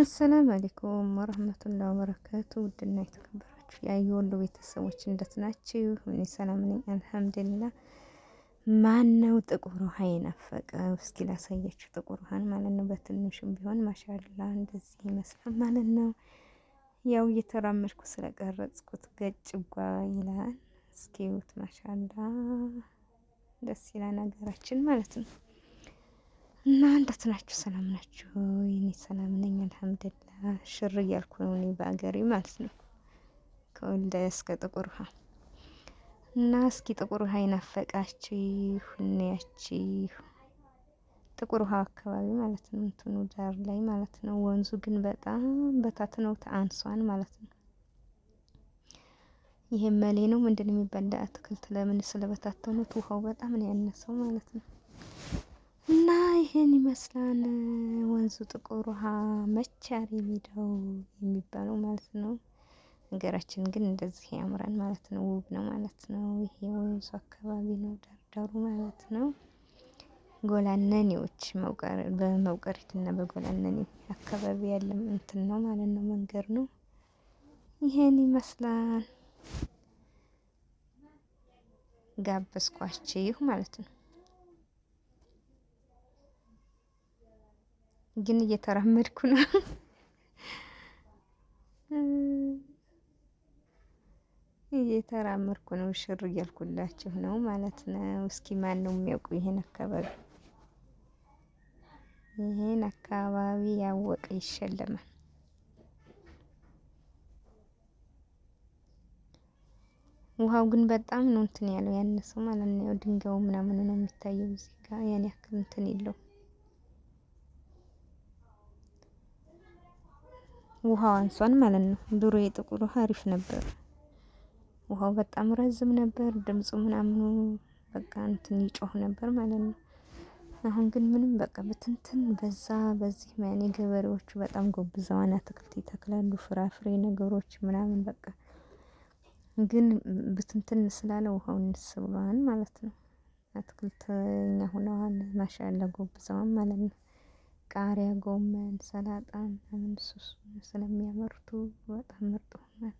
አሰላም አለይኩም ወረህመቱላሂ ወበረካቱ ውድና የተከበራችሁ የአየወሎ ቤተሰቦች እንደት ናችሁ? እኔ ሰላም ነኝ አልሐምዱሊላህ። ማን ነው ጥቁር ውሃ የናፈቀ? እስኪ ላሳያችሁ ጥቁር ውሃን ማለት ነው። በትንሹም ቢሆን ማሻላ እንደዚህ ይመስላል ማለት ነው። ያው እየተራመድኩ ስለቀረጽኩት ገጭ ጓ ይላል። እስኪ እዩት ማሻላ ደስ ይላል ሀገራችን ማለት ነው። እና እንዴት ናችሁ? ሰላም ናችሁ? እኔ ሰላም ነኝ፣ አልሐምዱሊላህ። ሽር እያልኩ ነው እኔ በአገሬ ማለት ነው፣ ከወልደ እስከ ጥቁር ውሃ እና እስኪ ጥቁር ውሃ ይናፈቃችሁ እንያችሁ፣ ጥቁር ውሃ አካባቢ ማለት ነው፣ እንትኑ ዳር ላይ ማለት ነው። ወንዙ ግን በጣም በታትነው ተአንሷን ማለት ነው። ይሄ መሌ ነው ምንድን የሚባል አትክልት ለምን ስለበታተኑት ውሃው በጣም ነው ያነሰው ማለት ነው። ይህን ይመስላል ወንዙ ጥቁር ውሃ መቻሪ ሜዳው የሚባለው ማለት ነው። ሀገራችን ግን እንደዚህ ያምራል ማለት ነው። ውብ ነው ማለት ነው። ይሄ ወንዙ አካባቢ ነው ዳርዳሩ ማለት ነው። ጎላነኔዎች በመውቀሪት እና በጎላነኔ አካባቢ ያለ እንትን ነው ማለት ነው። መንገድ ነው። ይህን ይመስላል ይሁ ማለት ነው። ግን እየተራመድኩ ነው። እየተራመድኩ ነው። ሽር እያልኩላችሁ ነው ማለት ነው። እስኪ ማን ነው የሚያውቁ ይሄን አካባቢ ይሄን አካባቢ ያወቀ ይሸለማል። ውሃው ግን በጣም ነው እንትን ያለው ያነሰው ማለት ነው። ድንጋዩ ምናምን ነው የሚታየው እዚህ ጋር ያን ያክል እንትን የለው? ውሃው አንሷን ማለት ነው። ድሮ የጥቁር ውሃ አሪፍ ነበር። ውሃው በጣም ረዝም ነበር። ድምፁ ምናምኑ በቃ እንትን ይጮህ ነበር ማለት ነው። አሁን ግን ምንም በቃ በትንትን በዛ በዚህ ያኔ ገበሬዎቹ በጣም ጎብዘዋን አትክልት ይተክላሉ፣ ፍራፍሬ ነገሮች ምናምን በቃ ግን ብትንትን ስላለ ውሃው እንስብሏን ማለት ነው። አትክልተኛ ሁነዋን ማሻላ ጎብዘዋን ማለት ነው። ቃሪያ፣ ጎመን፣ ሰላጣ ምናምን ሱስ ስለሚያመርቱ በጣም ምርጥ ሆኗል።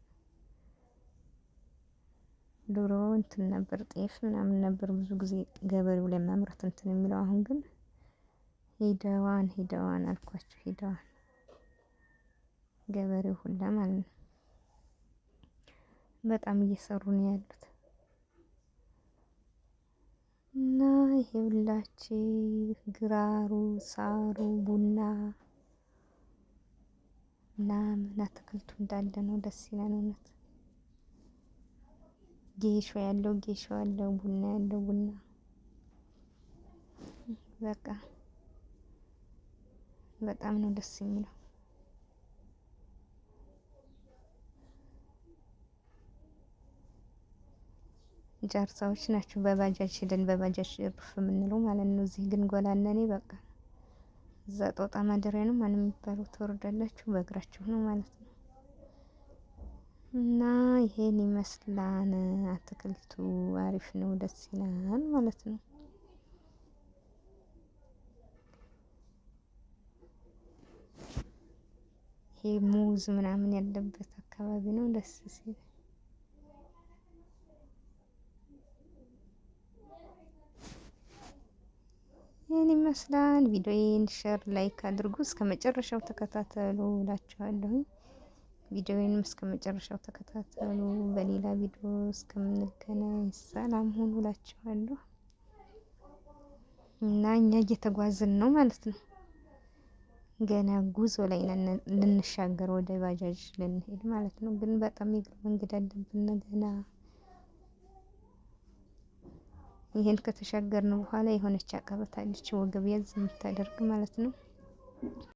ድሮ እንትን ነበር ጤፍ ምናምን ነበር ብዙ ጊዜ ገበሬው ላይ ማምረት እንትን የሚለው አሁን ግን ሂደዋን ሂደዋን አልኳቸው ሂደዋን ገበሬው ሁላ ማለት ነው። በጣም እየሰሩ ነው ያሉት። እና ይሄ ግራሩ፣ ሳሩ፣ ቡና ምናምን አትክልቱ እንዳለ ነው። ደስ ይላል እውነት። ጌሾ ያለው ጌሾ ያለው ቡና ያለው ቡና በቃ በጣም ነው ደስ የሚለው። ጃርሳዎች ናቸው። በባጃጅ ሄደን በባጃጅ ርፍ የምንለው ማለት ነው። እዚህ ግን ጎላነኔ በቃ እዛ ጦጣ ማደሪያ ነው ማንም የሚባለው ትወርዳላችሁ፣ በእግራችሁ ነው ማለት ነው። እና ይሄን ይመስላል አትክልቱ። አሪፍ ነው፣ ደስ ይላል ማለት ነው። ይሄ ሙዝ ምናምን ያለበት አካባቢ ነው፣ ደስ ሲል ይህን ይመስላል። ቪዲዮዬን ሸር፣ ላይክ አድርጉ። እስከ መጨረሻው ተከታተሉ እላችኋለሁ። ቪዲዮዬንም እስከ መጨረሻው ተከታተሉ። በሌላ ቪዲዮ እስከምንገናኝ ሰላም ሁኑ እላችኋለሁ። እና እኛ እየተጓዝን ነው ማለት ነው። ገና ጉዞ ላይ ልንሻገር ወደ ባጃጅ ልንሄድ ማለት ነው። ግን በጣም የእግር መንገድ አለብን ገና ይሄን ከተሻገርን በኋላ የሆነች አቀበት አለች ወገብ ያዝ የምታደርግ ማለት ነው።